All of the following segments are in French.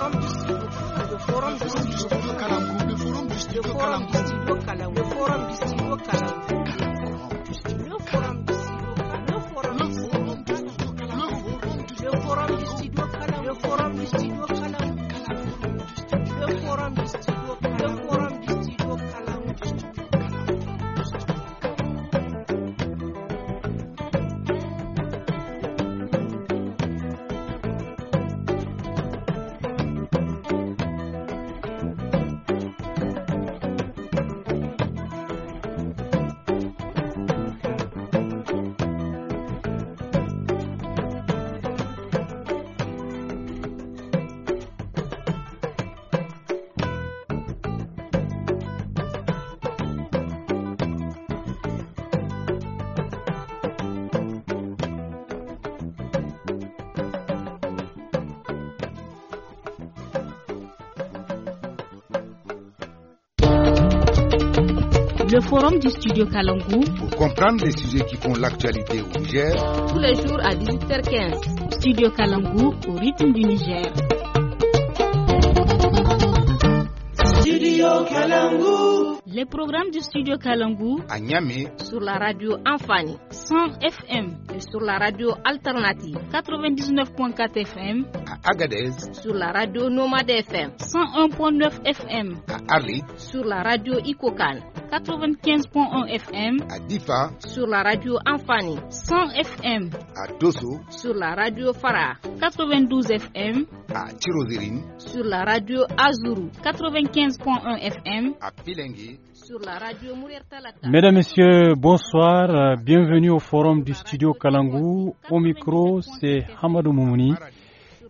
forum forum, the forum the forum, the forum the forum, the forum distribution kalam forum du studio Kalangou. Pour comprendre les sujets qui font l'actualité au Niger. Tous les jours à 18h15. Studio Kalangou au rythme du Niger. Studio Kalangou. Les programmes du studio Kalangou. À Niamey. Sur la radio Enfani. 100 FM sur la radio alternative 99.4 FM à Agadez sur la radio Nomade FM 101.9 FM à Arlit sur la radio Icocal, 95.1 FM à Difa sur la radio Amphani 100 FM à Dosso sur la radio Farah 92 FM à sur la radio Azuru 95.1 FM à Pilengui Mesdames, Messieurs, bonsoir. Euh, bienvenue au forum du studio Kalangou. Au micro, c'est Hamadou Moumouni.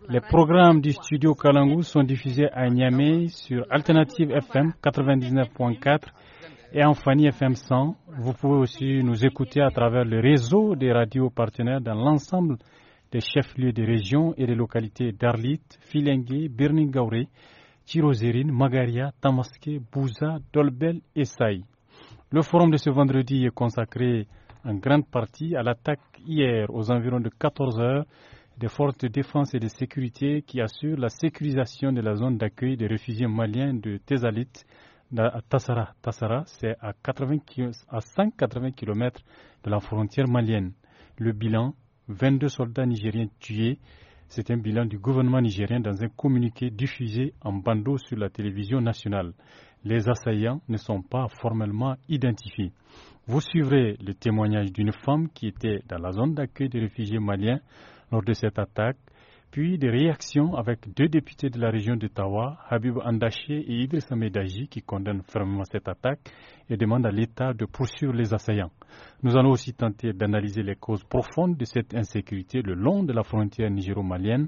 Les programmes du studio Kalangou sont diffusés à Niamey sur Alternative FM 99.4 et en Fanny FM 100. Vous pouvez aussi nous écouter à travers le réseau des radios partenaires dans l'ensemble des chefs-lieux des régions et des localités d'Arlit, Filengue, Birningauré, Tirozérine, Magaria, Tamaské, Bouza, Dolbel et Saï. Le forum de ce vendredi est consacré en grande partie à l'attaque hier aux environs de 14 heures des forces de défense et de sécurité qui assurent la sécurisation de la zone d'accueil des réfugiés maliens de Tézalit à Tassara. Tassara, c'est à, à 180 km de la frontière malienne. Le bilan, 22 soldats nigériens tués, c'est un bilan du gouvernement nigérien dans un communiqué diffusé en bandeau sur la télévision nationale. Les assaillants ne sont pas formellement identifiés. Vous suivrez le témoignage d'une femme qui était dans la zone d'accueil des réfugiés maliens lors de cette attaque puis des réactions avec deux députés de la région d'Ottawa, Habib Andaché et Idriss Medaji, qui condamnent fermement cette attaque et demandent à l'État de poursuivre les assaillants. Nous allons aussi tenter d'analyser les causes profondes de cette insécurité le long de la frontière nigéro-malienne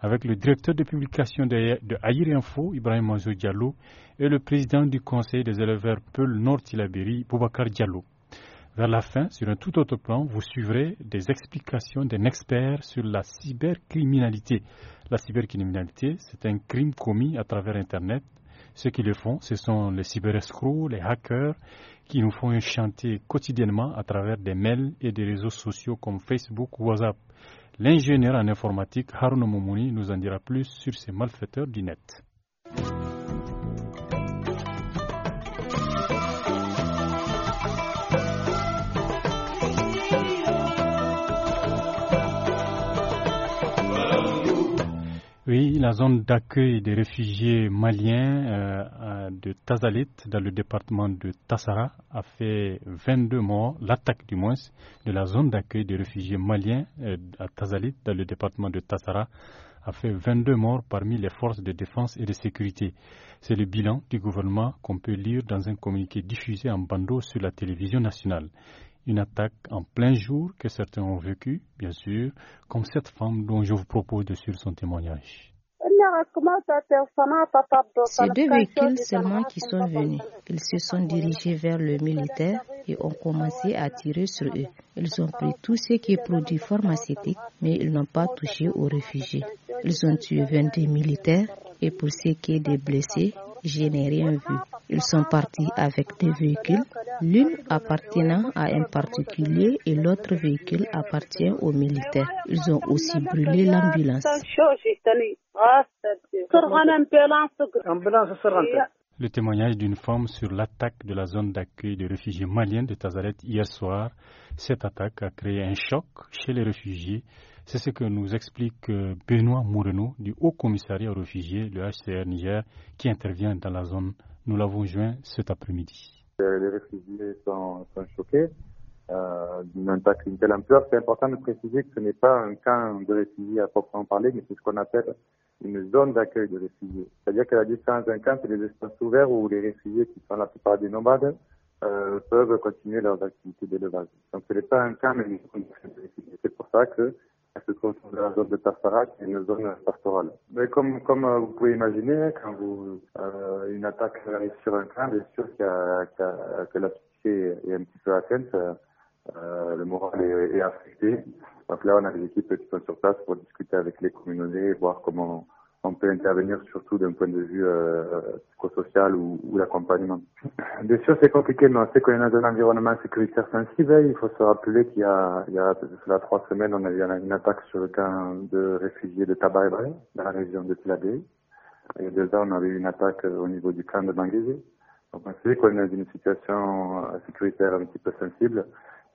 avec le directeur de publication de, de Info, Ibrahim Mazou Diallo, et le président du conseil des éleveurs Peul nord tilabiri Boubacar Diallo. Vers la fin, sur un tout autre plan, vous suivrez des explications d'un expert sur la cybercriminalité. La cybercriminalité, c'est un crime commis à travers Internet. Ceux qui le font, ce sont les cyberescrocs, les hackers, qui nous font chanter quotidiennement à travers des mails et des réseaux sociaux comme Facebook ou WhatsApp. L'ingénieur en informatique Haruno Momoni nous en dira plus sur ces malfaiteurs du net. Oui, la zone d'accueil des réfugiés maliens euh, de Tazalit, dans le département de Tassara, a fait 22 morts, l'attaque du moins de la zone d'accueil des réfugiés maliens euh, à Tazalit, dans le département de Tassara, a fait 22 morts parmi les forces de défense et de sécurité. C'est le bilan du gouvernement qu'on peut lire dans un communiqué diffusé en bandeau sur la télévision nationale une attaque en plein jour que certains ont vécue, bien sûr, comme cette femme dont je vous propose de suivre son témoignage. Ces deux véhicules seulement qui sont venus, ils se sont dirigés vers le militaire et ont commencé à tirer sur eux. Ils ont pris tout ce qui est produit pharmaceutique, mais ils n'ont pas touché aux réfugiés. Ils ont tué 22 militaires et pour ce qui est des blessés, je n'ai rien vu. Ils sont partis avec des véhicules, l'une appartenant à un particulier et l'autre véhicule appartient aux militaires. Ils ont aussi brûlé l'ambulance. Le témoignage d'une femme sur l'attaque de la zone d'accueil des réfugiés maliens de Tazaret hier soir. Cette attaque a créé un choc chez les réfugiés c'est ce que nous explique euh, Benoît Moreno du Haut Commissariat aux réfugiés, le HCR Niger, qui intervient dans la zone. Nous l'avons joint cet après-midi. Euh, les réfugiés sont, choqués euh, d'une telle ampleur. C'est important de préciser que ce n'est pas un camp de réfugiés à proprement parler, mais c'est ce qu'on appelle une zone d'accueil de réfugiés. C'est-à-dire que la distance d'un camp, c'est des espaces ouverts où les réfugiés, qui sont la plupart des nomades, peuvent continuer leurs activités d'élevage. Donc ce n'est pas un camp, mais une zone de réfugiés. C'est pour ça que se trouve dans la zone de Tassara, et une zone pastorale. Mais comme, comme euh, vous pouvez imaginer, quand vous, euh, une attaque arrive sur un camp, bien sûr qu'il y a, que est un petit peu atteinte, euh, euh le moral est, affecté. Donc là, on a des équipes qui sont sur place pour discuter avec les communautés, voir comment on peut intervenir surtout d'un point de vue euh, psychosocial ou, ou l'accompagnement. Bien sûr, c'est compliqué, mais on sait qu'on est dans un environnement sécuritaire sensible. Hein. Il faut se rappeler qu'il y a, il y a cela trois semaines, on a eu une attaque sur le camp de réfugiés de Tabaybay, dans la région de Tilabé. Il y a deux ans, on avait eu une attaque euh, au niveau du camp de Manguézé. Donc on sait qu'on est dans une situation euh, sécuritaire un petit peu sensible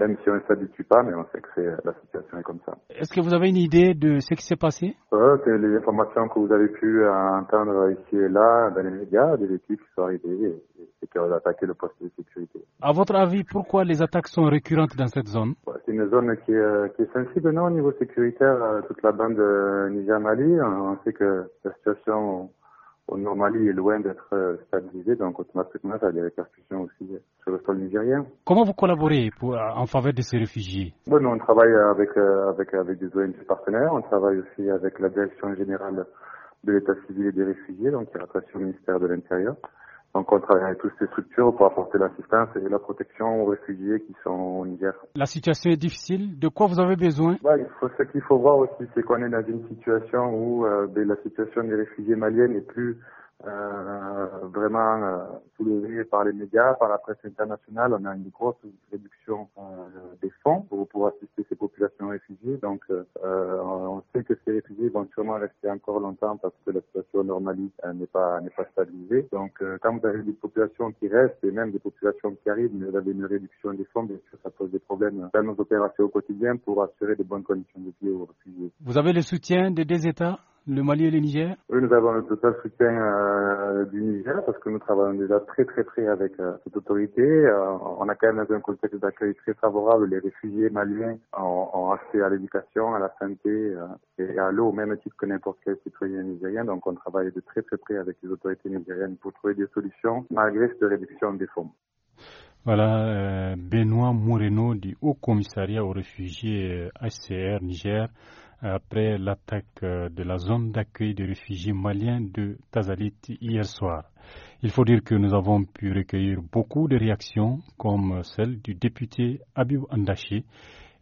même si on ne s'habitue pas, mais on sait que la situation est comme ça. Est-ce que vous avez une idée de ce qui s'est passé euh, Les informations que vous avez pu entendre ici et là dans les médias, des équipes qui sont arrivées et, qui ont attaqué le poste de sécurité. À votre avis, pourquoi les attaques sont récurrentes dans cette zone C'est une zone qui est, qui sensible non, au niveau sécuritaire, euh, toute la bande euh, Niger-Mali. On sait que la situation au Normali est loin d'être euh, stabilisé, donc automatiquement, ça a des répercussions aussi euh, sur le sol nigérien. Comment vous collaborez pour, euh, en faveur de ces réfugiés bon, On travaille avec, avec, avec des ONG partenaires, on travaille aussi avec la Direction générale de l'État civil et des réfugiés, donc qui est rattachée au ministère de l'Intérieur. Donc on travaille avec toutes ces structures pour apporter l'assistance et la protection aux réfugiés qui sont au Niger. La situation est difficile. De quoi vous avez besoin bah, il faut, Ce qu'il faut voir aussi, c'est qu'on est dans une situation où euh, ben, la situation des réfugiés maliens n'est plus euh, vraiment euh, soulevé par les médias, par la presse internationale. On a une grosse réduction euh, des fonds pour, pouvoir assister ces populations réfugiées. Donc, on sait que ces réfugiés vont sûrement rester encore longtemps parce que la situation normaliste n'est pas n'est pas stabilisée. Donc, quand vous avez des populations qui restent et même des populations qui arrivent, mais vous avez une réduction des fonds, bien sûr, ça pose des problèmes dans nos opérations au quotidien pour assurer de bonnes conditions de vie aux réfugiés. Vous avez le soutien des deux États le Mali et le Niger Oui, nous avons le total soutien euh, du Niger parce que nous travaillons déjà très très très avec euh, cette autorité. Euh, on a quand même un contexte d'accueil très favorable. Les réfugiés maliens ont, accès à l'éducation, à la santé et à l'eau au même titre que n'importe quel citoyen nigérien. Donc on travaille de très très près avec les autorités nigériennes pour trouver des solutions malgré cette réduction des fonds. Voilà, Benoît Moreno du Haut Commissariat aux réfugiés HCR Niger après l'attaque euh, de la zone d'accueil des réfugiés maliens de Tazalit hier soir. Il faut dire que nous avons pu recueillir beaucoup de réactions, comme celle du député Abib Andaché,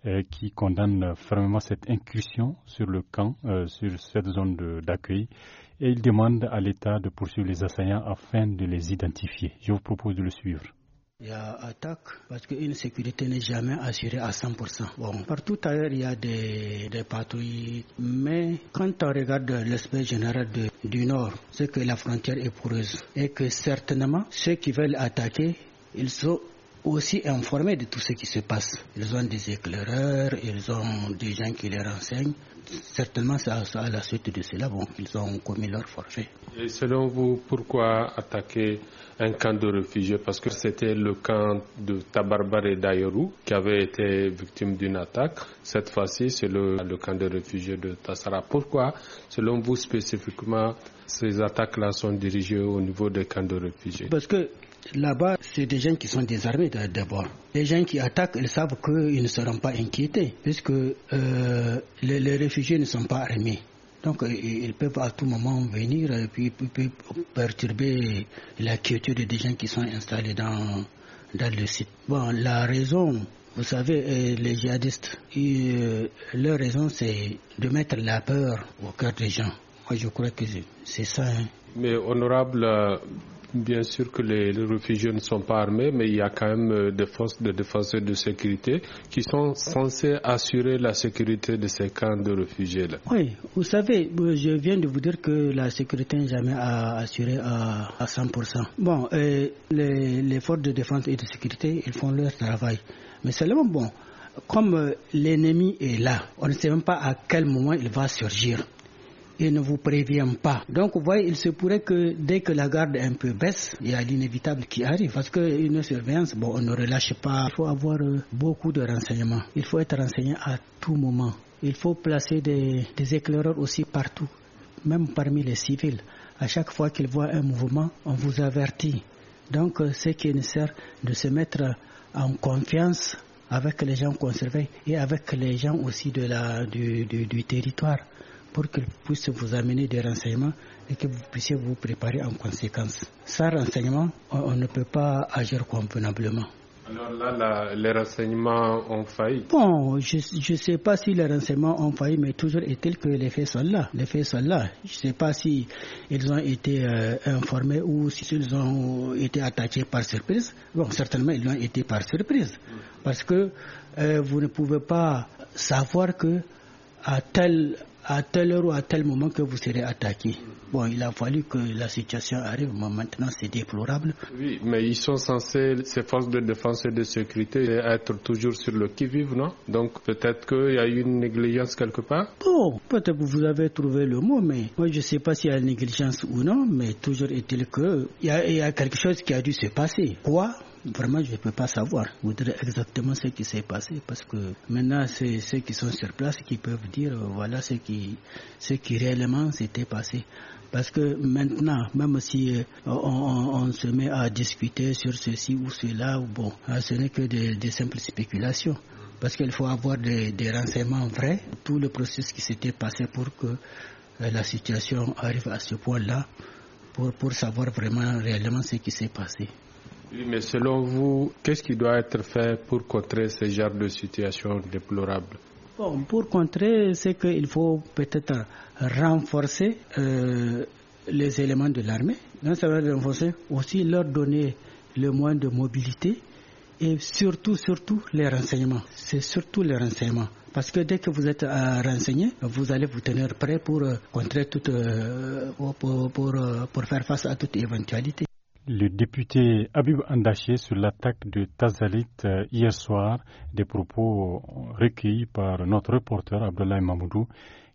euh, qui condamne fermement cette incursion sur le camp, euh, sur cette zone d'accueil, et il demande à l'État de poursuivre les assaillants afin de les identifier. Je vous propose de le suivre. Il y a attaque parce qu'une sécurité n'est jamais assurée à 100%. Bon, partout ailleurs, il y a des, patrouilles. Mais quand on regarde l'aspect général du Nord, c'est que la frontière est poreuse et que certainement ceux qui veulent attaquer, ils sont aussi informés de tout ce qui se passe. Ils ont des éclaireurs, ils ont des gens qui les renseignent. Certainement, c'est à la suite de cela, bon, ils ont commis leur forfait. Et selon vous, pourquoi attaquer un camp de réfugiés parce que c'était le camp de Tabarbaré et d'Ayerou qui avait été victime d'une attaque. Cette fois-ci, c'est le, camp de réfugiés de Tassara. Pourquoi, selon vous spécifiquement, ces attaques-là sont dirigées au niveau des camps de réfugiés Parce que là-bas, c'est des gens qui sont désarmés d'abord. Les gens qui attaquent, ils savent qu'ils ne seront pas inquiétés puisque euh, les réfugiés ne sont pas armés. Donc euh, ils peuvent à tout moment venir et puis, perturber la quiétude des gens qui sont installés dans, dans le site. Bon, la raison, vous savez, euh, les djihadistes, euh, leur raison c'est de mettre la peur au cœur des gens. Moi je crois que c'est ça. Hein. Mais honorable, Bien sûr que les, réfugiés ne sont pas armés, mais il y a quand même euh, des forces de défense et de sécurité qui sont censées assurer la sécurité de ces camps de réfugiés-là. Oui, vous savez, euh, je viens de vous dire que la sécurité n'est jamais assurée à, 100%. Bon, euh, les, forces de défense et de sécurité, ils font leur travail. Mais seulement, bon, comme l'ennemi est là, on ne sait même pas à quel moment il va surgir et ne vous prévient pas. Donc, vous voyez, il se pourrait que dès que la garde un peu baisse, il y a l'inévitable qui arrive. Parce qu'une surveillance, bon, on ne relâche pas. Il faut avoir euh, beaucoup de renseignements. Il faut être renseigné à tout moment. Il faut placer des, éclaireurs aussi partout, même parmi les civils. À chaque fois qu'ils voient un mouvement, on vous avertit. Donc, euh, ce qui est nécessaire de se mettre en confiance avec les gens conservés et avec les gens aussi de la, du, du territoire pour qu'ils puissent vous amener des renseignements et que vous puissiez vous préparer en conséquence. Sans renseignement, on, ne peut pas agir convenablement. Alors là, les renseignements ont failli Bon, je ne sais pas si les renseignements ont failli, mais toujours est-il que les faits sont là. Les faits sont là. Je ne sais pas si ils ont été euh, informés ou s'ils ont été attaqués par surprise. Bon, certainement, ils ont été par surprise. Parce que euh, vous ne pouvez pas savoir que à tel à telle heure ou à tel moment que vous serez attaqué. Bon, il a fallu que la situation arrive, mais maintenant c'est déplorable. Oui, mais ils sont censés, ces forces de défense et de sécurité, être toujours sur le qui-vive, non Donc peut-être qu'il y a eu une négligence quelque part Bon, peut-être que vous avez trouvé le mot, mais moi je ne sais pas s'il y a une négligence ou non, mais toujours est-il qu'il y, y a quelque chose qui a dû se passer. Quoi Vraiment, je ne peux pas savoir, Voudrais exactement ce qui s'est passé, parce que maintenant, c'est ceux qui sont sur place qui peuvent dire, euh, voilà ce qui, ce qui réellement s'était passé. Parce que maintenant, même si euh, on, se met à discuter sur ceci ou cela, bon, euh, ce n'est que des, simples spéculations parce qu'il faut avoir des, renseignements vrais, tout le processus qui s'était passé pour que la situation arrive à ce point-là, pour, pour savoir vraiment réellement ce qui s'est passé mais selon vous, qu'est-ce qui doit être fait pour contrer ce genre de situation déplorable Pour contrer, c'est qu'il faut peut-être renforcer euh, les éléments de l'armée. Non seulement renforcer, aussi leur donner le moins de mobilité et surtout, surtout les renseignements. C'est surtout les renseignements. Parce que dès que vous êtes renseigné, vous allez vous tenir prêt pour euh, contrer toute, euh, pour faire face à toute éventualité le député Habib Andaché sur l'attaque de Tazalit euh, hier soir, des propos euh, recueillis par notre reporter Abdoulaye Mamoudou,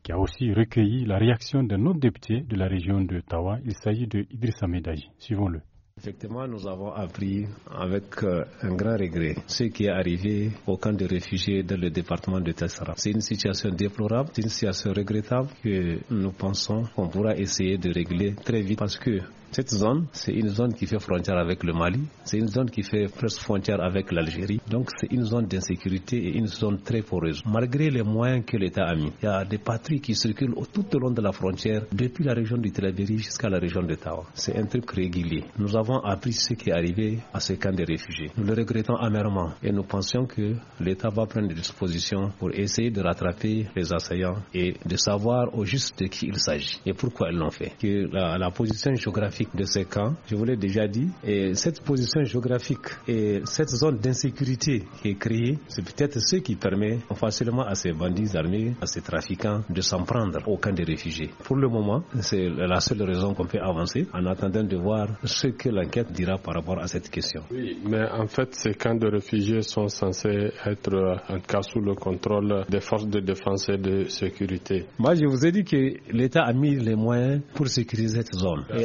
qui a aussi recueilli la réaction d'un autre député de la région de Tawa. Il s'agit de Idrissa Medaji. Suivons-le. Effectivement, nous avons appris avec euh, un grand regret ce qui est arrivé au camp de réfugiés dans le département de Tassara. C'est une situation déplorable, c'est une situation regrettable que nous pensons qu'on pourra essayer de régler très vite parce que cette zone, c'est une zone qui fait frontière avec le Mali, c'est une zone qui fait presque frontière avec l'Algérie. Donc c'est une zone d'insécurité et une zone très poreuse. Malgré les moyens que l'État a mis, il y a des patries qui circulent tout au long de la frontière, depuis la région du Télabéry jusqu'à la région de Tawa. C'est un truc régulier. Nous avons appris ce qui est arrivé à ces camps de réfugiés. Nous le regrettons amèrement et nous pensions que l'État va prendre des dispositions pour essayer de rattraper les assaillants et de savoir au juste de qui il s'agit et pourquoi ils l'ont fait. Que la position géographique de ces camps, je vous l'ai déjà dit, et cette position géographique et cette zone d'insécurité qui est créée, c'est peut-être ce qui permet facilement à ces bandits armés, à ces trafiquants de s'en prendre au camp des réfugiés. Pour le moment, c'est la seule raison qu'on peut avancer en attendant de voir ce que l'enquête dira par rapport à cette question. Oui, mais en fait, ces camps de réfugiés sont censés être euh, en cas sous le contrôle des forces de défense et de sécurité. Moi, je vous ai dit que l'État a mis les moyens pour sécuriser cette zone. Il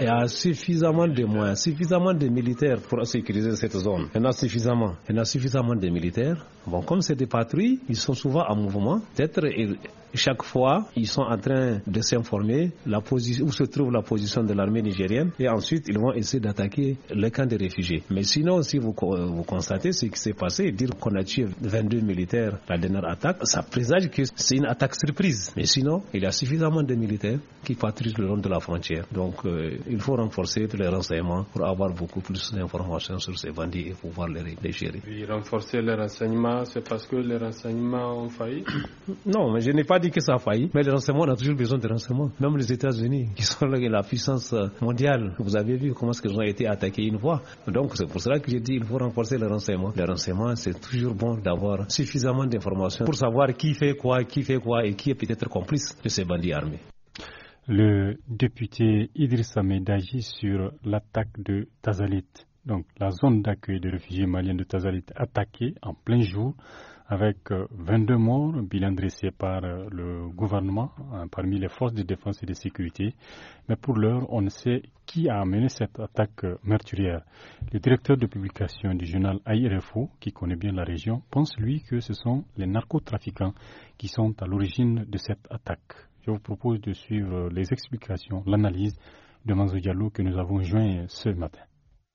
il y a suffisamment de moyens, suffisamment de militaires pour sécuriser cette zone. Il y en a suffisamment. Il y en a suffisamment de militaires. Bon, comme c'est des patrouilles, ils sont souvent en mouvement. Peut-être chaque fois, ils sont en train de s'informer où se trouve la position de l'armée nigérienne et ensuite ils vont essayer d'attaquer le camp des réfugiés. Mais sinon, si vous, euh, constatez ce qui s'est passé, dire qu'on a tué 22 militaires la dernière attaque, ça présage que c'est une attaque surprise. Mais sinon, il y a suffisamment de militaires qui patrouillent le long de la frontière. Donc, euh, euh, il faut renforcer les renseignements pour avoir beaucoup plus d'informations sur ces bandits et pouvoir les, gérer. Oui, renforcer les renseignements, c'est parce que les renseignements ont failli Non, mais je n'ai pas dit que ça a failli, mais les renseignements, on a toujours besoin de renseignements. Même les États-Unis, qui sont la, la puissance mondiale, vous avez vu comment ils ont été attaqués une fois. Donc, c'est pour cela que j'ai dit qu'il faut renforcer les renseignements. Les renseignements, c'est toujours bon d'avoir suffisamment d'informations pour savoir qui fait quoi, qui fait quoi et qui est peut-être complice de ces bandits armés le député Idrissa agit sur l'attaque de Tazalit. Donc la zone d'accueil des réfugiés maliens de Tazalit attaquée en plein jour avec 22 euh, morts, bilan dressé par euh, le gouvernement hein, parmi les forces de défense et de sécurité. Mais pour l'heure, on ne sait qui a amené cette attaque euh, meurtrière. Le directeur de publication du journal IRFO, qui connaît bien la région, pense lui que ce sont les narcotrafiquants qui sont à l'origine de cette attaque je vous propose de suivre les explications, l'analyse de Manzo Diallo que nous avons joint ce matin.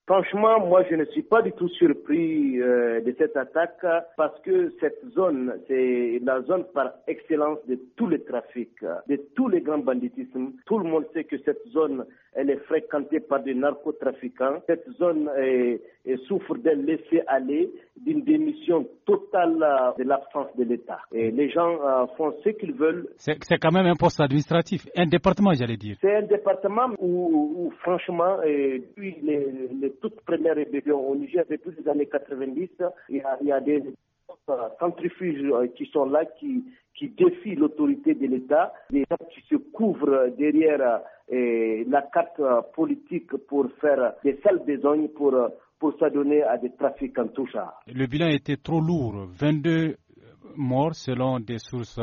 Franchement, moi, je ne suis pas du tout surpris euh, de cette attaque parce que cette zone, c'est la zone par excellence de tous les trafics, de tous les grands banditismes. Tout le monde sait que cette zone, elle est fréquentée par des narcotrafiquants. Cette zone est, et souffrent d'un laisser-aller, d'une démission totale euh, de l'absence de l'État. Et les gens euh, font ce qu'ils veulent. C'est quand même un poste administratif, un département, j'allais dire. C'est un département où, franchement, depuis les, toutes premières rébellions au Niger, depuis les années 90, il y a, a des centrifuges euh, qui sont là, qui, qui défient l'autorité de l'État, des qui se couvrent derrière la carte politique pour faire des sales besognes, pour pour s'adonner à des trafics en tout genre. Le bilan était trop lourd, 22 morts selon des sources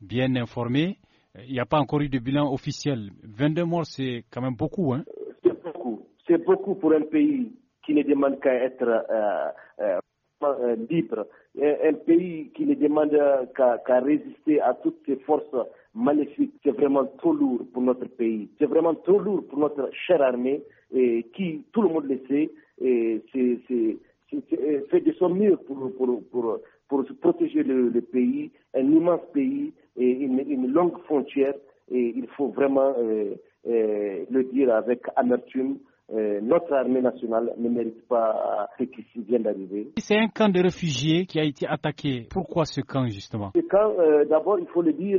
bien informées. Il n'y a pas encore eu de bilan officiel. 22 morts, c'est quand même beaucoup. Hein? C'est beaucoup. C'est beaucoup pour un pays qui ne demande qu'à être euh, euh, euh, libre, un, pays qui ne demande qu'à résister à toutes ces forces maléfiques. C'est vraiment trop lourd pour notre pays. C'est vraiment trop lourd pour notre chère armée et qui, tout le monde le sait, et c'est, euh, fait de son mieux pour, pour, pour, pour protéger le, pays, un immense pays et une, longue frontière. Et il faut vraiment euh, euh, le dire avec amertume, euh, notre armée nationale ne mérite pas ce euh, qui vient d'arriver. C'est un camp de réfugiés qui a été attaqué. Pourquoi ce camp justement Ce camp, euh, d'abord, il faut le dire,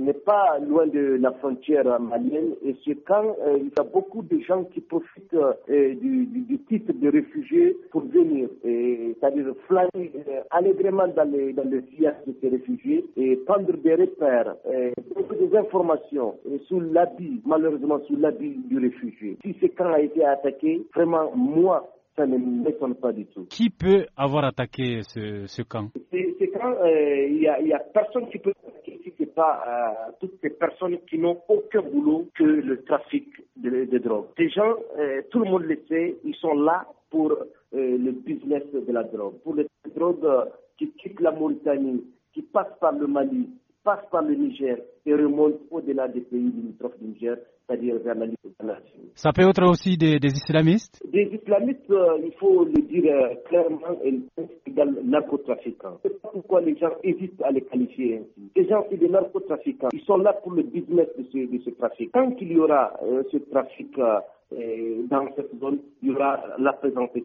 n'est pas loin de la frontière malienne. Et ce camp, il y a beaucoup de gens qui profitent du, titre de réfugiés pour venir, c'est-à-dire flâner allègrement dans, les, dans le sillage de ces réfugiés et prendre des repères, des informations sur l'habit, malheureusement sur l'habit du réfugié. Si ce camp a été à attaqué, vraiment, moi, ça ne m'étonne pas du tout. Qui peut avoir attaqué ce, camp Ce camp, euh, il n'y a, personne qui peut attaquer ce n'est pas euh, toutes ces personnes qui n'ont aucun boulot que le trafic de, drogue. Ces gens, euh, tout le monde le sait, ils sont là pour le business de la drogue, pour les drogues qui quittent la Mauritanie, qui passent par le Mali, passent par le Niger et remontent au-delà des pays limitrophes du Niger c'est-à-dire Ça peut être aussi des, islamistes Des islamistes, euh, il faut le dire euh, ils clairement, des narcotrafiquants. C'est pourquoi les gens hésitent à les qualifier ainsi. Les gens, c'est des narcotrafiquants. Ils sont là pour le business de ce, de ce trafic. Tant qu'il y aura euh, ce trafic dans cette zone, il y aura la présence de y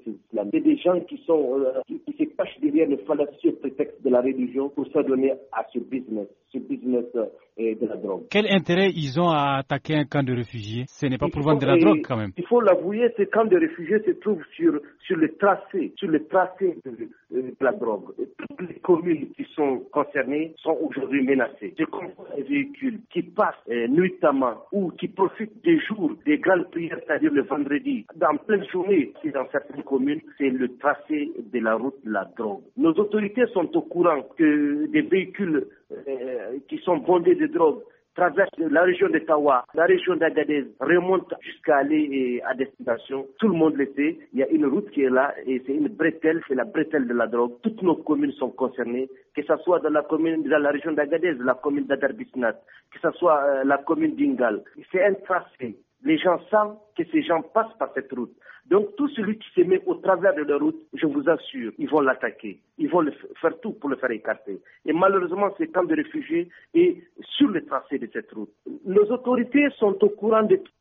C'est des gens qui sont euh, qui, se cachent derrière le fallacieux prétexte de la religion pour s'adonner à ce business, ce business euh, de la drogue. Quel intérêt ils ont à attaquer un camp de réfugiés Ce n'est pas pour vendre de la drogue quand même. Il faut l'avouer, ce camp de réfugiés se trouvent sur, sur le tracé, sur le tracé de, euh, la drogue. toutes les communes qui sont concernées sont aujourd'hui menacées. Je comprends les véhicules qui passent nuitamment ou qui profitent des jours des grandes prières c'est-à-dire le vendredi, dans pleine journée, c'est dans certaines communes, c'est le tracé de la route de la drogue. Nos autorités sont au courant que des véhicules euh, qui sont bondés de drogue traversent la région de Tawa, la région d'Agadez, remontent jusqu'à aller euh, à destination. Tout le monde le sait, il y a une route qui est là et c'est une bretelle, c'est la bretelle de la drogue. Toutes nos communes sont concernées, que ce soit dans la commune, dans la région d'Agadez, la commune d'Aderbisnat, que ce soit euh, la commune d'Ingal. C'est un tracé les gens savent que ces gens passent par cette route. Donc tout celui qui se met au travers de la route, je vous assure, ils vont l'attaquer. Ils vont faire tout pour le faire écarter. Et malheureusement, ces camps de réfugiés est sur le tracé de cette route. Nos autorités sont au courant de tout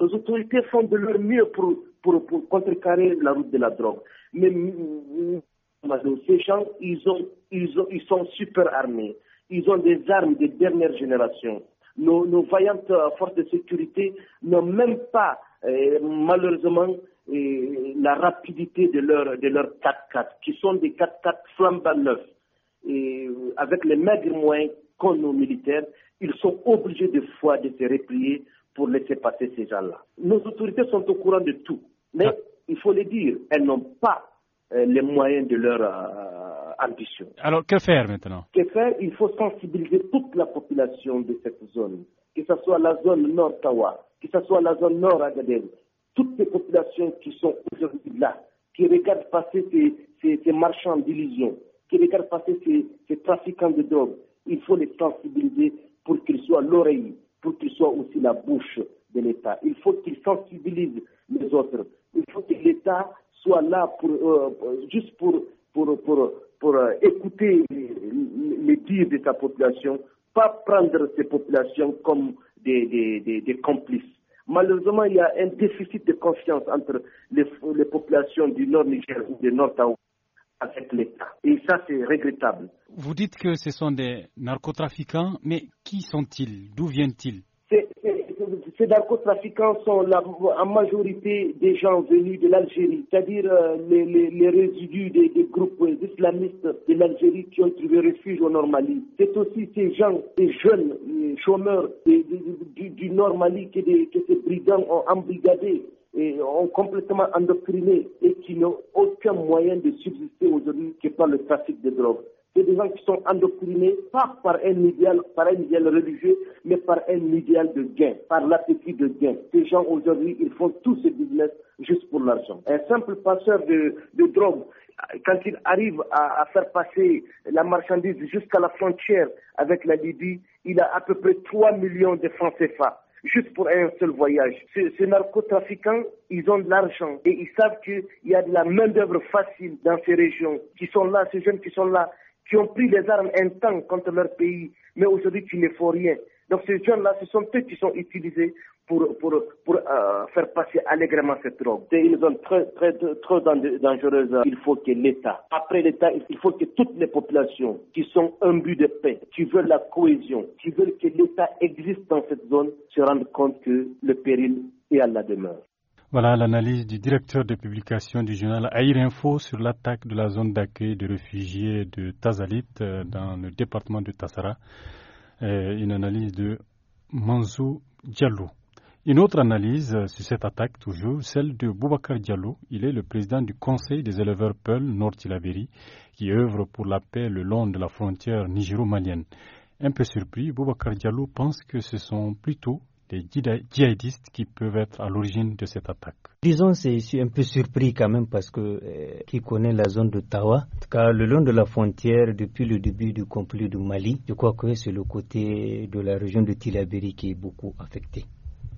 Nos autorités font de leur mieux pour, pour, pour contrecarrer la route de la drogue. Mais ces gens, ils, ont, ils, ont, ils sont super armés. Ils ont des armes de dernière génération nos, vaillantes euh, forces de sécurité n'ont même pas, euh, malheureusement, euh, la rapidité de leurs de leurs 4x4, qui sont des 4x4 flambant neufs. Et avec les maigres moyens qu'ont nos militaires, ils sont obligés des fois de se replier pour laisser passer ces gens-là. Nos autorités sont au courant de tout, mais ah. il faut le dire, elles n'ont pas les moyens de leur alors, que faire maintenant faire Il faut sensibiliser toute la population de cette zone, que ce soit la zone nord Kawa, que ce soit la zone nord Agadez, toutes les populations qui sont aujourd'hui là, qui regardent passer ces, marchands d'illusions, qui regardent passer ces, trafiquants de drogue, il faut les sensibiliser pour qu'ils soient l'oreille, pour qu'ils soient aussi la bouche de l'État. Il faut qu'ils sensibilisent les autres. Il faut que l'État soit là euh, juste pour, pour, pour euh, écouter les dires de sa population, pas prendre ces populations comme des, complices. Malheureusement, il y a un déficit de confiance entre les, populations du nord Niger ou du nord Taou avec l'État. Et ça, c'est regrettable. Vous dites que ce sont des narcotrafiquants, mais qui sont-ils D'où viennent-ils ces narcotrafiquants sont la, en majorité des gens venus de l'Algérie, c'est-à-dire euh, les, les, résidus des, groupes islamistes de l'Algérie qui ont trouvé refuge au nord Mali. C'est aussi ces gens, ces jeunes euh, chômeurs du, du, nord Mali que, que ces brigands ont embrigadés et ont complètement endoctriné et qui n'ont aucun moyen de subsister aujourd'hui que par le trafic de drogue c'est des gens qui sont endoctrinés, pas par un idéal, par un idéal religieux, mais par un idéal de gain, par l'appétit de gain. Ces gens aujourd'hui, ils font tout ce business juste pour l'argent. Un simple passeur de, de drogue, quand il arrive à, faire passer la marchandise jusqu'à la frontière avec la Libye, il a à peu près 3 millions de francs CFA juste pour un seul voyage. Ces, ces narcotrafiquants, ils ont de l'argent et ils savent qu'il y a de la main-d'œuvre facile dans ces régions qui sont là, ces jeunes qui sont là qui ont pris les armes un contre leur pays, mais aujourd'hui tu ne font rien. Donc ces gens là ce sont eux qui sont utilisés pour, pour, pour euh, faire passer allègrement cette drogue. C'est une zone très, très, trop dangereuse. Il faut que l'État, après l'État, il faut que toutes les populations qui sont un but de paix, qui veulent la cohésion, qui veulent que l'État existe dans cette zone, se rendent compte que le péril est à la demeure. Voilà l'analyse du directeur de publication du journal Air Info sur l'attaque de la zone d'accueil de réfugiés de Tazalit euh, dans le département de Tassara. Euh, une analyse de Manzou Diallo. Une autre analyse euh, sur cette attaque, toujours, celle de Boubacar Diallo. Il est le président du Conseil des éleveurs Peul nord tilaberi qui œuvre pour la paix le long de la frontière nigéro-malienne. Un peu surpris, Boubacar Diallo pense que ce sont plutôt des djihadistes qui peuvent être à l'origine de cette attaque. Disons, c'est un peu surpris quand même parce que euh, qui connaît la zone de Tawa, car le long de la frontière, depuis le début du conflit du Mali, je crois que c'est le côté de la région de Tilaberi qui est beaucoup affecté.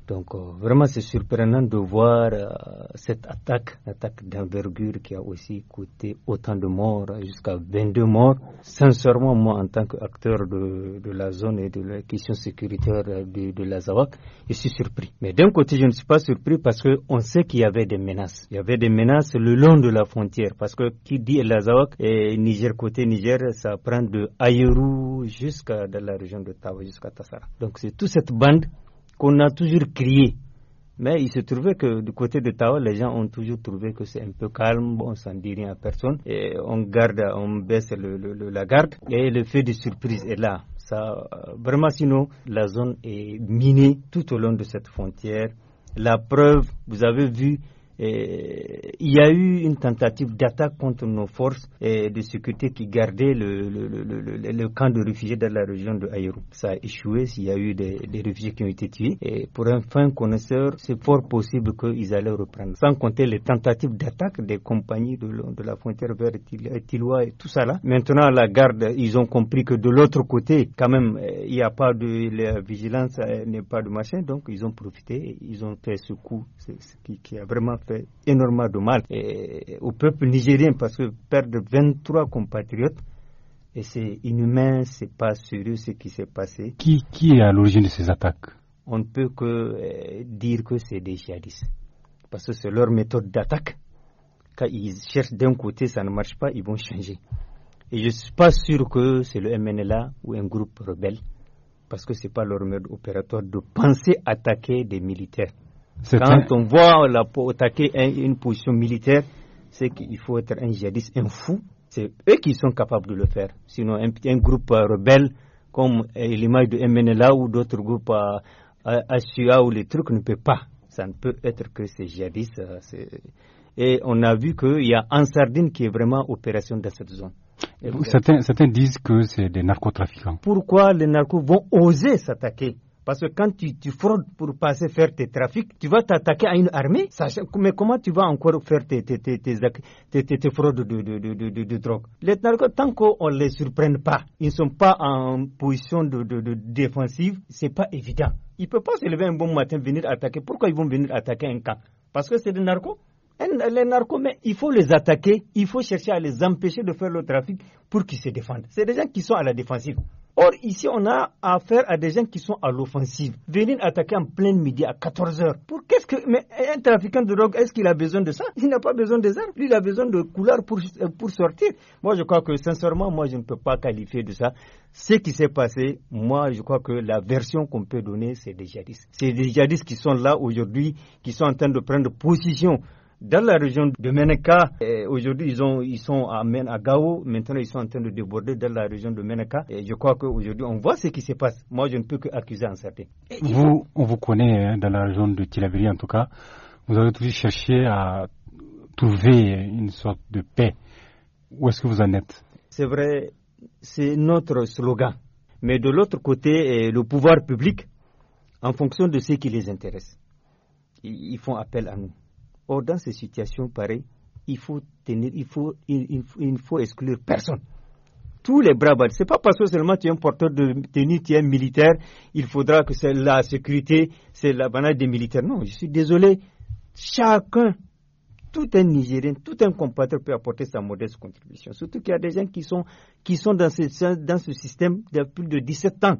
Donc euh, vraiment c'est surprenant de voir euh, cette attaque, attaque d'envergure qui a aussi coûté autant de morts, jusqu'à 22 morts. Sincèrement, moi en tant qu'acteur de, la zone et de la question sécuritaire de, de la je suis surpris. Mais d'un côté, je ne suis pas surpris parce qu'on sait qu'il y avait des menaces. Il y avait des menaces le long de la frontière parce que qui dit la et Niger côté Niger, ça prend de Aïrou jusqu'à la région de Tawa, jusqu'à Tassara. Donc c'est toute cette bande qu'on a toujours crié. Mais il se trouvait que du côté de Tao, les gens ont toujours trouvé que c'est un peu calme, on s'en dit rien à personne, et on garde, on baisse le, la garde, et le fait de surprise est là. Ça, euh, vraiment, sinon, la zone est minée tout au long de cette frontière. La preuve, vous avez vu, il y a eu une tentative d'attaque contre nos forces de sécurité qui gardaient le, le, le, le, camp de réfugiés dans la région de Aïrou. Ça a échoué, il y a eu des, réfugiés qui ont été tués. Et pour un fin connaisseur, c'est fort possible qu'ils allaient reprendre. Sans compter les tentatives d'attaque des compagnies de, la frontière vers euh, Tiloa et tout ça là. Maintenant, la garde, ils ont compris que de l'autre côté, quand même, euh, il n'y a pas de la vigilance, euh, n'est pas de machin. Donc, ils ont profité, ils ont fait ce coup, ce qui, qui a vraiment énormément de mal euh, au peuple nigérien parce que perdre 23 compatriotes, et c'est inhumain, c'est pas sérieux ce qui s'est passé. Qui, qui est à l'origine de ces attaques On ne peut que euh, dire que c'est des jihadistes Parce que c'est leur méthode d'attaque. Quand ils cherchent d'un côté, ça ne marche pas, ils vont changer. Et je ne suis pas sûr que c'est le MNLA ou un groupe rebelle, parce que ce n'est pas leur mode opératoire de penser attaquer des militaires. Quand on voit attaquer une position militaire, c'est qu'il faut être un djihadiste, un fou. C'est eux qui sont capables de le faire. Sinon, un, groupe euh, rebelle comme euh, l'image de MNLA ou d'autres groupes à, euh, ou les trucs ne peut pas. Ça ne peut être que ces djihadistes. Et on a vu qu'il y a Ansardine Sardine qui est vraiment opération dans cette zone. Certains, certains disent que c'est des narcotrafiquants. Pourquoi les narcos vont oser s'attaquer parce que quand tu, fraudes pour passer faire tes trafics, tu vas t'attaquer à une armée. mais comment tu vas encore faire tes, tes, tes, tes fraudes de, de, de, de, drogue Les narcos, tant qu'on ne les surprenne pas, ils ne sont pas en position de, défensive, ce n'est pas évident. Ils ne peuvent pas se lever un bon matin, venir attaquer. Pourquoi ils vont venir attaquer un camp Parce que c'est des narcos les narcos, mais il faut les attaquer, il faut chercher à les empêcher de faire le trafic pour qu'ils se défendent. C'est des gens qui sont à la défensive. Or, ici, on a affaire à des gens qui sont à l'offensive. Venir attaquer en plein midi à 14 h Pour qu'est-ce que. Mais un trafiquant de drogue, est-ce qu'il a besoin de ça Il n'a pas besoin des armes. Il a besoin de couleurs pour, euh, pour sortir. Moi, je crois que, sincèrement, moi, je ne peux pas qualifier de ça. Ce qui s'est passé, moi, je crois que la version qu'on peut donner, c'est des jadis. C'est des jadis qui sont là aujourd'hui, qui sont en train de prendre position dans la région de Meneka, eh, aujourd'hui ils, sont à, Gao, maintenant ils sont en train de déborder dans la région de Meneka. Et je crois qu'aujourd'hui on voit ce qui se passe. Moi je ne peux qu'accuser un certain. Vous, on vous connaît hein, dans la région de Tilabiri en tout cas, vous avez toujours cherché à trouver une sorte de paix. Où est-ce que vous en êtes C'est vrai, c'est notre slogan. Mais de l'autre côté, eh, le pouvoir public, en fonction de ce qui les intéresse, ils font appel à nous. Or, dans ces situations pareilles, il faut, tenir, il faut, il, faut exclure personne. Tous les bras Ce n'est pas parce que seulement tu es un porteur de tenue, tu es un militaire, il faudra que c'est la sécurité, c'est la banalité des militaires. Non, je suis désolé. Chacun, tout un Nigérien, tout un compatriote peut apporter sa modeste contribution. Surtout qu'il y a des gens qui sont, dans, ce, dans ce système depuis plus de 17 ans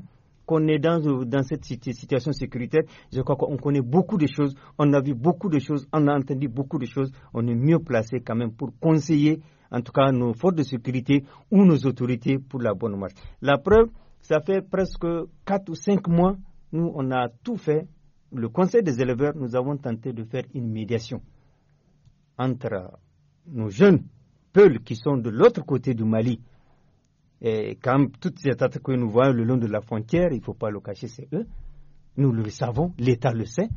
qu'on est dans, cette situation sécuritaire, je crois qu'on connaît beaucoup de choses, on a vu beaucoup de choses, on a entendu beaucoup de choses, on est mieux placé quand même pour conseiller, en tout cas, nos forces de sécurité ou nos autorités pour la bonne marche. La preuve, ça fait presque 4 ou 5 mois, nous, on a tout fait. Le Conseil des éleveurs, nous avons tenté de faire une médiation entre nos jeunes peuls qui sont de l'autre côté du Mali, et quand toutes ces attaques que nous voyons le long de la frontière, il ne faut pas le cacher, c'est eux. Nous le savons, l'État le sait.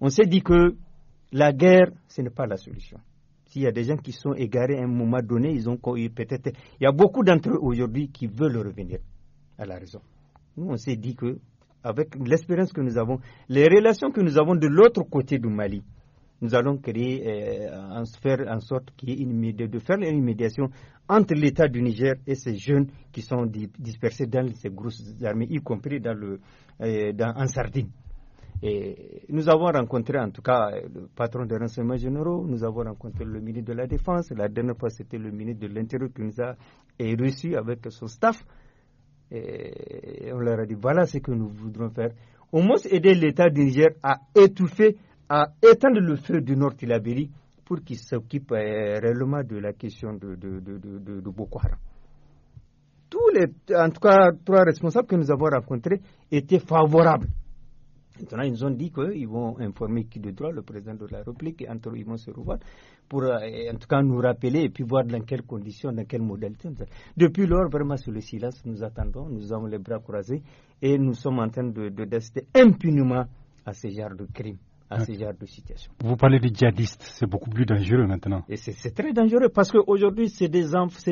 On s'est dit que la guerre, ce n'est pas la solution. S'il y a des gens qui sont égarés à un moment donné, ils ont peut-être. Il y a beaucoup d'entre eux aujourd'hui qui veulent revenir à la raison. Nous, on s'est dit que, avec l'expérience que nous avons, les relations que nous avons de l'autre côté du Mali, nous allons créer, en, euh, faire en sorte qu'il de faire une médiation entre l'État du Niger et ces jeunes qui sont dispersés dans ces grosses armées, y compris dans le, euh, dans, en Sardine. nous avons rencontré en tout cas le patron des renseignements généraux, nous avons rencontré le ministre de la Défense, la dernière fois c'était le ministre de l'Intérieur qui nous a euh, reçu avec son staff. on leur a dit voilà ce que nous voudrons faire. Au moins aider l'État du Niger à étouffer à éteindre le feu du nord Tilaberi pour qu'il s'occupe euh, réellement de la question de, Boko Haram. Tous les, en tout cas, trois responsables que nous avons rencontrés étaient favorables. Maintenant, ils ont dit qu'ils vont informer qui de droit, le président de la République, et entre ils vont se revoir, pour euh, en tout cas nous rappeler et puis voir dans quelles conditions, dans quelles modalités. Depuis lors, vraiment sur le silence, nous attendons, nous avons les bras croisés et nous sommes en train de, de, impunément à ce genre de crimes à de situation. Vous parlez des djihadistes, c'est beaucoup plus dangereux maintenant. Et c'est très dangereux parce qu'aujourd'hui, c'est des,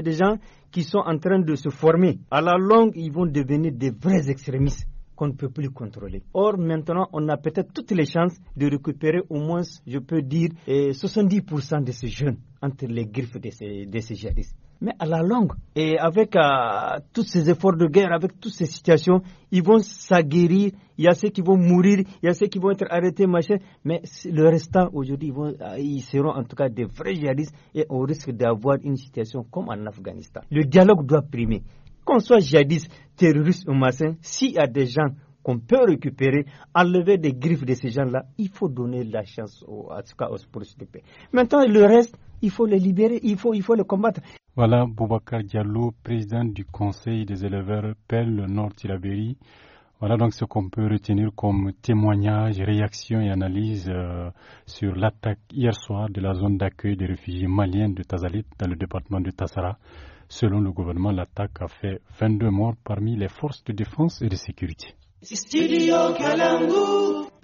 des gens qui sont en train de se former. À la longue, ils vont devenir des vrais extrémistes qu'on ne peut plus contrôler. Or, maintenant, on a peut-être toutes les chances de récupérer au moins, je peux dire, 70% eh, de ces jeunes entre les griffes de ces, djihadistes. Mais à la longue, et avec euh, tous ces efforts de guerre, avec toutes ces situations, ils vont s'aguerrir. Il y a ceux qui vont mourir, il y a ceux qui vont être arrêtés, machin. Mais le restant, aujourd'hui, euh, ils, seront en tout cas des vrais djihadistes et on risque d'avoir une situation comme en Afghanistan. Le dialogue doit primer. Qu'on soit jihadiste, terroriste ou machin, s'il y a des gens qu'on peut récupérer, enlever des griffes de ces gens-là, il faut donner la chance au, à ce de paix. Maintenant, le reste, il faut le libérer, il faut, il faut le combattre. Voilà Boubacar Diallo, président du Conseil des éleveurs le Nord-Tilabéry. Voilà donc ce qu'on peut retenir comme témoignage, réaction et analyse euh, sur l'attaque hier soir de la zone d'accueil des réfugiés maliens de Tazalit dans le département de Tassara. Selon le gouvernement, l'attaque a fait 22 morts parmi les forces de défense et de sécurité. Studio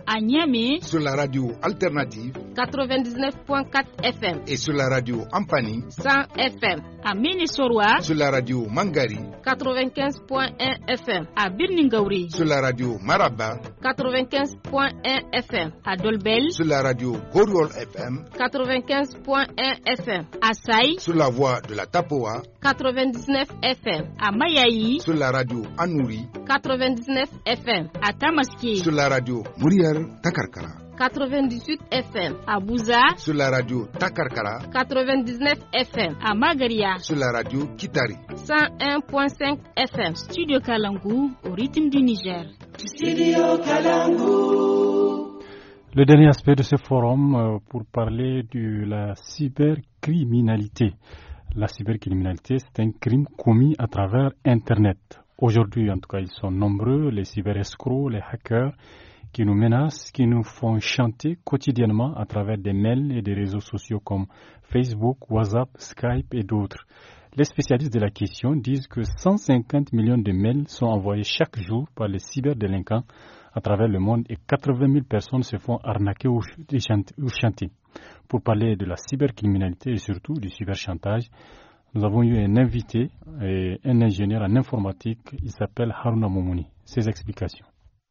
à Niamey sur la radio alternative 99.4 FM et sur la radio Ampani 100 FM à Minisorwa sur la radio Mangari 95.1 FM à Birningauri sur la radio Maraba 95.1 FM à Dolbel sur la radio Goriol FM 95.1 FM à Saï sur la voie de la Tapoa 99 FM à Mayaï sur la radio Anouri 99 FM à Tamaski sur la radio Mouria 98 FM à Bouza sur la radio Takarkara 99 FM à Magaria sur la radio Kitari 101.5 FM Studio Kalangu au rythme du Niger Studio Kalangu Le dernier aspect de ce forum euh, pour parler de la cybercriminalité la cybercriminalité, c'est un crime commis à travers Internet. Aujourd'hui, en tout cas, ils sont nombreux, les cyberescrocs, les hackers, qui nous menacent, qui nous font chanter quotidiennement à travers des mails et des réseaux sociaux comme Facebook, WhatsApp, Skype et d'autres. Les spécialistes de la question disent que 150 millions de mails sont envoyés chaque jour par les cyberdélinquants à travers le monde et 80 000 personnes se font arnaquer ou chanter. Pour parler de la cybercriminalité et surtout du cyberchantage, nous avons eu un invité, et un ingénieur en informatique, il s'appelle Haruna Momouni. Ses explications.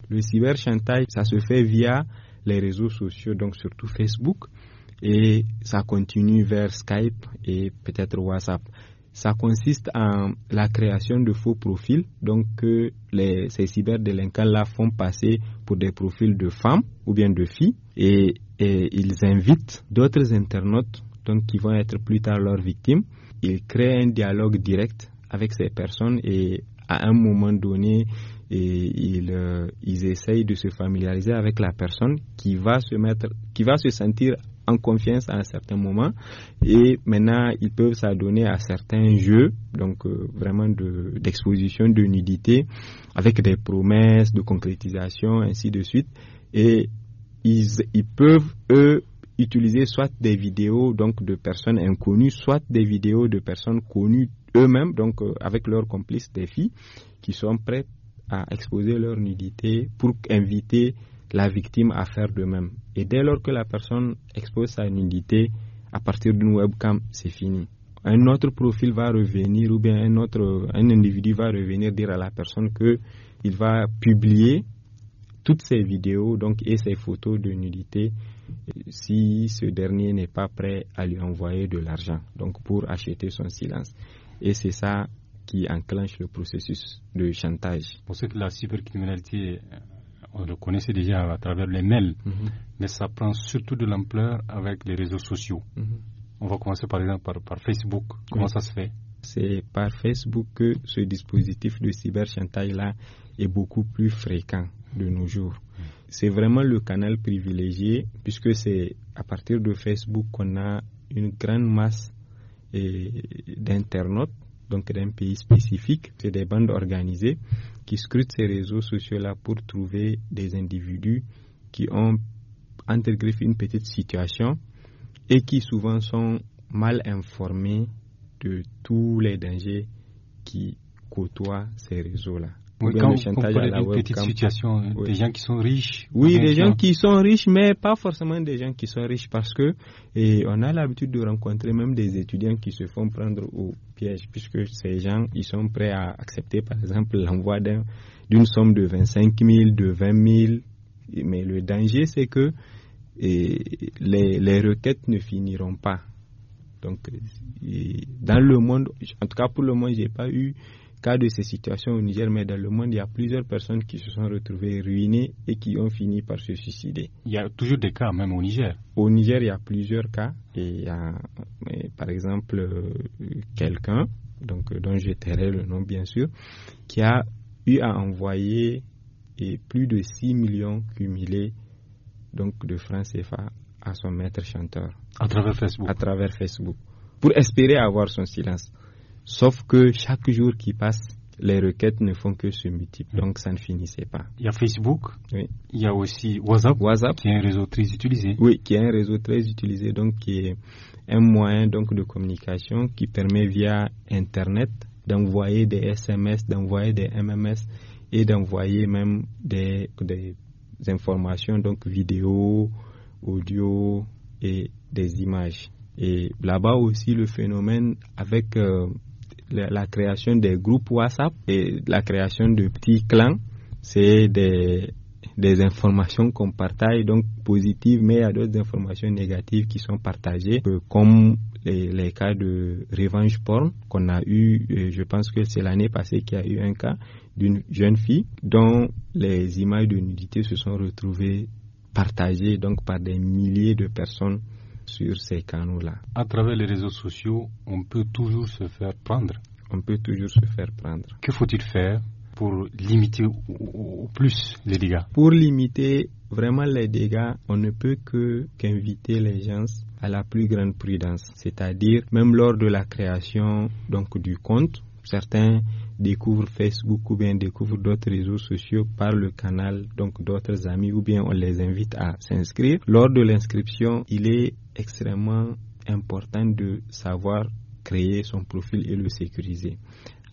Le cyberchantage, ça se fait via les réseaux sociaux, donc surtout Facebook, et ça continue vers Skype et peut-être WhatsApp. Ça consiste en la création de faux profils, donc que les, ces cyberdélinquants-là font passer pour des profils de femmes ou bien de filles, et ils invitent d'autres internautes, donc qui vont être plus tard leurs victimes. Ils créent un dialogue direct avec ces personnes et à un moment donné, et euh, ils, essayent de se familiariser avec la personne qui va se mettre, qui va se sentir en confiance à un certain moment et maintenant ils peuvent s'adonner à certains jeux donc euh, vraiment d'exposition de, nudité avec des promesses de concrétisation ainsi de suite et ils, peuvent eux utiliser soit des vidéos donc de personnes inconnues soit des vidéos de personnes connues eux-mêmes donc euh, avec leurs complices des filles qui sont prêtes à exposer leur nudité pour inviter la victime à faire de même. Et dès lors que la personne expose sa nudité, à partir d'une webcam, c'est fini. Un autre profil va revenir ou bien un autre un individu va revenir dire à la personne que il va publier toutes ses vidéos donc et ses photos de nudité si ce dernier n'est pas prêt à lui envoyer de l'argent donc pour acheter son silence. Et c'est ça qui enclenche le processus de chantage. Pour ce que la cybercriminalité, euh, on le connaissait déjà à travers les mails, mhm. mais ça prend surtout de l'ampleur avec les réseaux sociaux. Mhm. On va commencer par exemple par, par Facebook. Comment ça se fait C'est par Facebook que ce dispositif de cyberchantage-là est beaucoup plus fréquent de nos jours. C'est vraiment le canal privilégié puisque c'est à partir de Facebook qu'on a une grande masse d'internautes donc d'un pays spécifique. C'est des bandes organisées qui scrutent ces réseaux sociaux-là pour trouver des individus qui ont entre une petite situation et qui souvent sont mal informés de tous les dangers qui côtoient ces réseaux-là. Oui, quand vous parlez d'une petite situation, hein, des gens qui sont riches. Oui, des gens qui sont riches, mais pas forcément des gens qui sont riches parce que on a l'habitude de rencontrer même des étudiants qui se font prendre au piège, puisque ces gens, ils sont prêts à accepter, par exemple, l'envoi d'une somme de 25 000, de 20 000. Mais le danger, c'est que les, les requêtes ne finiront pas. Donc, dans le monde, en tout cas pour le moment, je n'ai pas eu cas de ces situations au Niger, mais dans le monde, il y a plusieurs personnes qui se sont retrouvées ruinées et qui ont fini par se suicider. Il y a toujours des cas, même au Niger. Au Niger, il y a plusieurs cas. Et il par exemple, euh, quelqu'un, donc euh, dont je tairai le nom bien sûr, qui a eu à envoyer et plus de 6 millions cumulés donc de francs CFA à son maître chanteur. À travers Facebook. À travers Facebook. Pour espérer avoir son silence. Sauf que chaque jour qui passe, les requêtes ne font que se multiplier, donc ça ne finissait pas. Il y a Facebook, oui. il y a aussi WhatsApp, WhatsApp, qui est un réseau très utilisé. Oui, qui est un réseau très utilisé, donc qui est un moyen donc, de communication qui permet via Internet d'envoyer des SMS, d'envoyer des MMS et d'envoyer même des, des informations, donc vidéo, audio et des images. Et là-bas aussi, le phénomène avec euh, la, création des groupes WhatsApp et la création de petits clans. C'est des, des informations qu'on partage, donc positives, mais il y a d'autres informations négatives qui sont partagées, euh, comme les, cas de revenge porn qu'on a eu, je pense que c'est l'année passée qu'il y a eu un cas d'une jeune fille dont les images de nudité se sont retrouvées partagées donc par des milliers de personnes sur ces canaux-là. À travers les réseaux sociaux, on peut toujours se faire prendre. On peut toujours se faire prendre. Que faut-il faire pour limiter au plus les dégâts Pour limiter vraiment les dégâts, on ne peut que qu'inviter les gens à la plus grande prudence, c'est-à-dire même lors de la création donc du compte, certains découvrent Facebook ou bien découvrent d'autres réseaux sociaux par le canal donc d'autres amis ou bien on les invite à s'inscrire. Lors de l'inscription, il est extrêmement important de savoir créer son profil et le sécuriser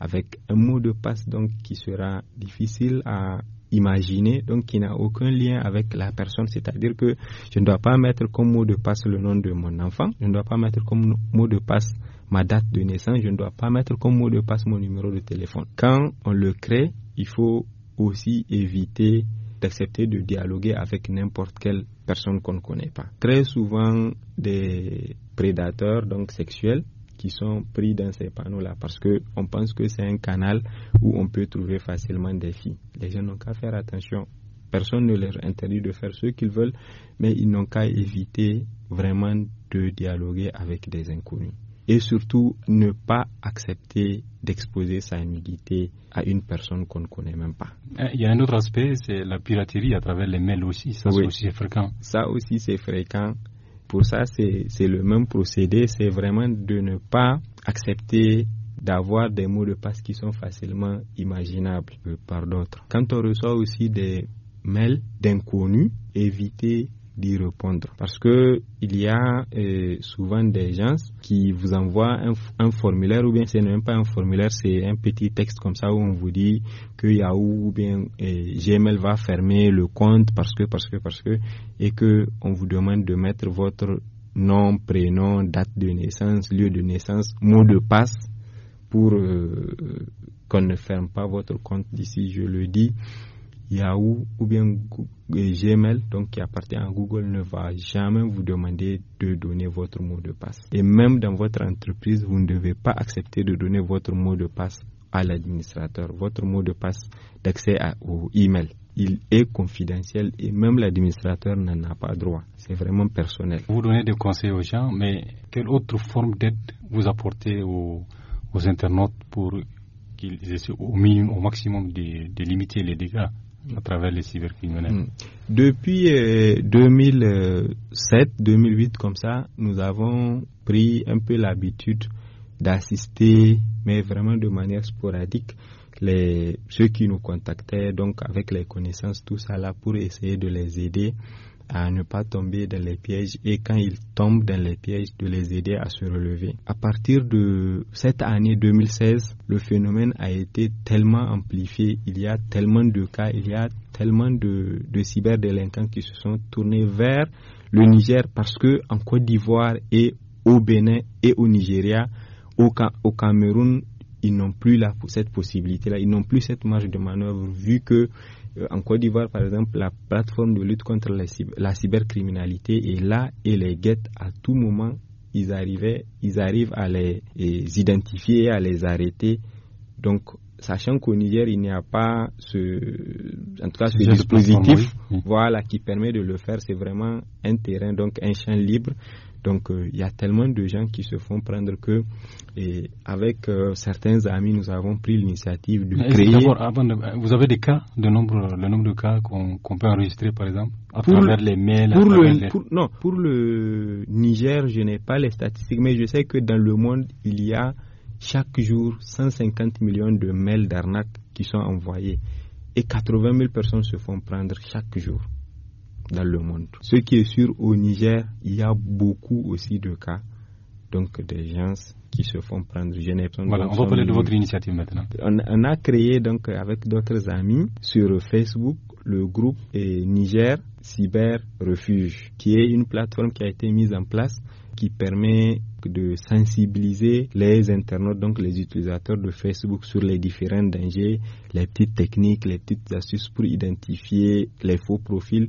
avec un mot de passe donc qui sera difficile à imaginer donc qui n'a aucun lien avec la personne c'est-à-dire que je ne dois pas mettre comme mot de passe le nom de mon enfant je ne dois pas mettre comme mot de passe ma date de naissance je ne dois pas mettre comme mot de passe mon numéro de téléphone quand on le crée il faut aussi éviter d'accepter de dialoguer avec n'importe quelle personne qu'on ne connaît pas. Très souvent, des prédateurs donc sexuels qui sont pris dans ces panneaux-là parce qu'on pense que c'est un canal où on peut trouver facilement des filles. Les gens n'ont qu'à faire attention. Personne ne leur interdit de faire ce qu'ils veulent, mais ils n'ont qu'à éviter vraiment de dialoguer avec des inconnus et surtout ne pas accepter d'exposer sa nudité à une personne qu'on ne connaît même pas. Euh, il y a un autre aspect, c'est la piraterie à travers les mails aussi. Ça aussi c'est fréquent. Ça aussi c'est fréquent. Pour ça, c'est le même procédé. C'est vraiment de ne pas accepter d'avoir des mots de passe qui sont facilement imaginables euh, par d'autres. Quand on reçoit aussi des mails d'inconnus, éviter d'y répondre. Parce que il y a euh, souvent des gens qui vous envoient un, formulaire ou bien c'est même pas un formulaire, c'est un petit texte comme ça où on vous dit que Yahoo ou bien euh, Gmail va fermer le compte parce que, parce que, parce que, et que on vous demande de mettre votre nom, prénom, date de naissance, lieu de naissance, mot de passe pour euh, qu'on ne ferme pas votre compte d'ici, je le dis. Yahoo ou bien eh, Gmail, donc qui appartient à Google, ne va jamais vous demander de donner votre mot de passe. Et même dans votre entreprise, vous ne devez pas accepter de donner votre mot de passe à l'administrateur, votre mot de passe d'accès au email. Il est confidentiel et même l'administrateur n'en a pas droit. C'est vraiment personnel. Vous donnez des conseils aux gens, mais quelle autre forme d'aide vous apportez aux, internautes pour qu'ils essaient au minimum, au maximum de limiter les dégâts à travers les cybercriminels. Hmm. Depuis 2007-2008, euh, comme ça, nous avons pris un peu l'habitude d'assister, mais vraiment de manière sporadique, ceux qui nous contactaient, donc avec les connaissances, tout ça là, pour essayer de les aider à ne pas tomber dans les pièges et quand ils tombent dans les pièges, de les aider à se relever. À partir de cette année 2016, le phénomène a été tellement amplifié, il y a tellement de cas, il y a tellement de, de cyberdélinquants qui se sont tournés vers le Niger parce que en Côte d'Ivoire et au Bénin et au Nigeria, au, au Cameroun, ils n'ont plus cette possibilité-là, ils n'ont plus cette marge de manœuvre vu que euh, en Côte d'Ivoire, par exemple, la plateforme de lutte contre la, cybercriminalité est là et les guettes, à tout moment. Ils, ils arrivent à les, identifier, à les arrêter. Donc, sachant qu'au Niger, il n'y a pas ce, en tout cas, dispositif voilà, qui permet de le faire. C'est vraiment un terrain, donc un champ libre. Donc euh, il y a tellement de gens qui se font prendre que, et avec euh, certains amis, nous avons pris l'initiative de créer. vous avez des cas, le nombre de cas qu'on peut enregistrer par exemple, à travers les mails pour le, Non, pour le Niger, je n'ai pas les statistiques, mais je sais que dans le monde, il y a chaque jour 150 millions de mails d'arnaque qui sont envoyés et 80 000 personnes se font prendre chaque jour dans le monde. Ce qui est sûr, au Niger, il y a beaucoup aussi de cas, donc des gens qui se font prendre. voilà, on va parler de votre initiative maintenant. On, a créé donc avec d'autres amis sur Facebook le groupe Niger Cyber Refuge, qui est une plateforme qui a été mise en place qui permet de sensibiliser les internautes, donc les utilisateurs de Facebook sur les différents dangers, les petites techniques, les petites astuces pour identifier les faux profils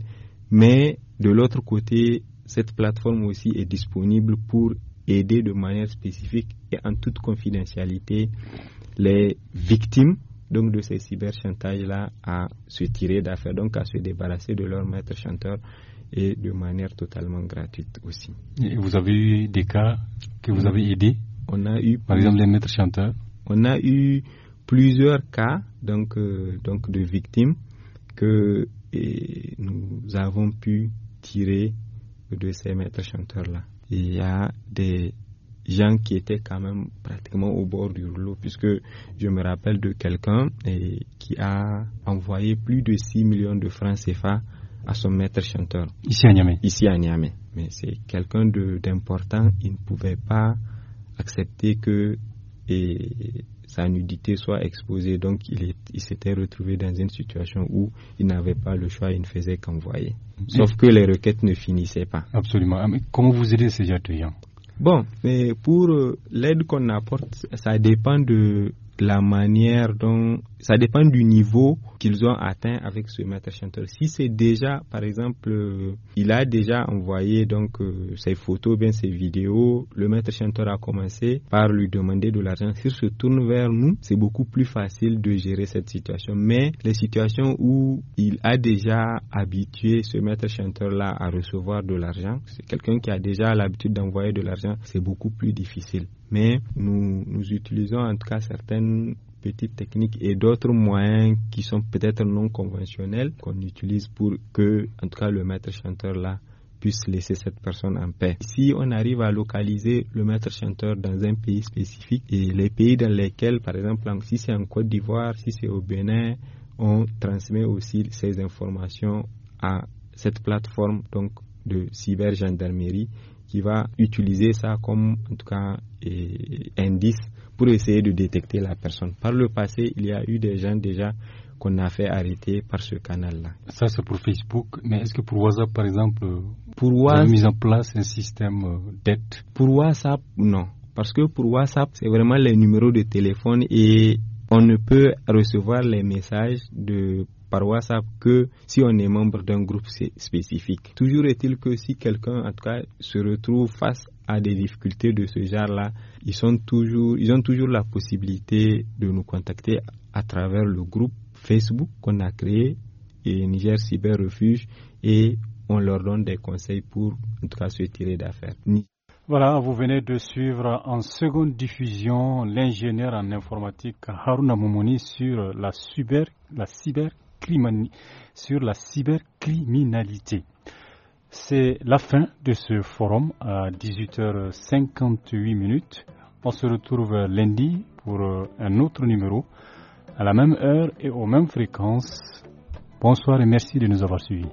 mais de l'autre côté, cette plateforme aussi est disponible pour aider de manière spécifique et en toute confidentialité les victimes donc de ces cyberchantages-là à se tirer d'affaires, donc à se débarrasser de leur maître chanteur et de manière totalement gratuite aussi. Et vous avez eu des cas que vous avez aidés On a eu par exemple les maîtres chanteurs. On a eu plusieurs cas donc euh, donc de victimes que et nous avons pu tirer de ces maîtres chanteurs-là. Il y a des gens qui étaient quand même pratiquement au bord du rouleau, puisque je me rappelle de quelqu'un qui a envoyé plus de 6 millions de francs CFA à son maître chanteur. Ici à Niamey. Ici à Niamey. Mais c'est quelqu'un d'important, il ne pouvait pas accepter que sa nudité soit exposée. Donc il, s'était retrouvé dans une situation où il n'avait pas le choix, il ne faisait qu'envoyer. Mm. Sauf que les requêtes ne finissaient pas. Absolument. Ah, mais comment vous aidez ces ateliers Bon, mais pour euh, l'aide qu'on apporte, ça dépend de, la manière dont ça dépend du niveau qu'ils ont atteint avec ce maître chanteur. Si c'est déjà, par exemple, euh, il a déjà envoyé donc euh, ses photos, bien ses vidéos, le maître chanteur a commencé par lui demander de l'argent. S'il se tourne vers nous, c'est beaucoup plus facile de gérer cette situation. Mais les situations où il a déjà habitué ce maître chanteur là à recevoir de l'argent, c'est quelqu'un qui a déjà l'habitude d'envoyer de l'argent, c'est beaucoup plus difficile mais nous, nous utilisons en tout cas certaines petites techniques et d'autres moyens qui sont peut-être non conventionnels qu'on utilise pour que, en tout cas, le maître chanteur là puisse laisser cette personne en paix. Si on arrive à localiser le maître chanteur dans un pays spécifique et les pays dans lesquels, par exemple, si c'est en Côte d'Ivoire, si c'est au Bénin, on transmet aussi ces informations à cette plateforme donc de cybergendarmerie qui va utiliser ça comme en tout cas eh, indice pour essayer de détecter la personne. Par le passé, il y a eu des gens déjà qu'on a fait arrêter par ce canal-là. Ça, c'est pour Facebook, mais est-ce que pour WhatsApp, par exemple, euh, pour mis en place un système euh, d'aide Pour WhatsApp, non. Parce que pour WhatsApp, c'est vraiment les numéros de téléphone et on ne peut recevoir les messages de par WhatsApp que si on est membre d'un groupe spécifique. Toujours est-il que si quelqu'un, en tout cas, se retrouve face à des difficultés de ce genre-là, ils, sont toujours, ils ont toujours la possibilité de nous contacter à travers le groupe Facebook qu'on a créé et Niger Cyber Refuge et on leur donne des conseils pour, en tout cas, se tirer d'affaires. Voilà, vous venez de suivre en seconde diffusion l'ingénieur en informatique Haruna Momoni sur la cyber, la cyber sur la cybercriminalité. C'est la fin de ce forum à 18h58 minutes. On se retrouve lundi pour euh, un autre numéro à la même heure et aux mêmes fréquences. Bonsoir et merci de nous avoir suivis.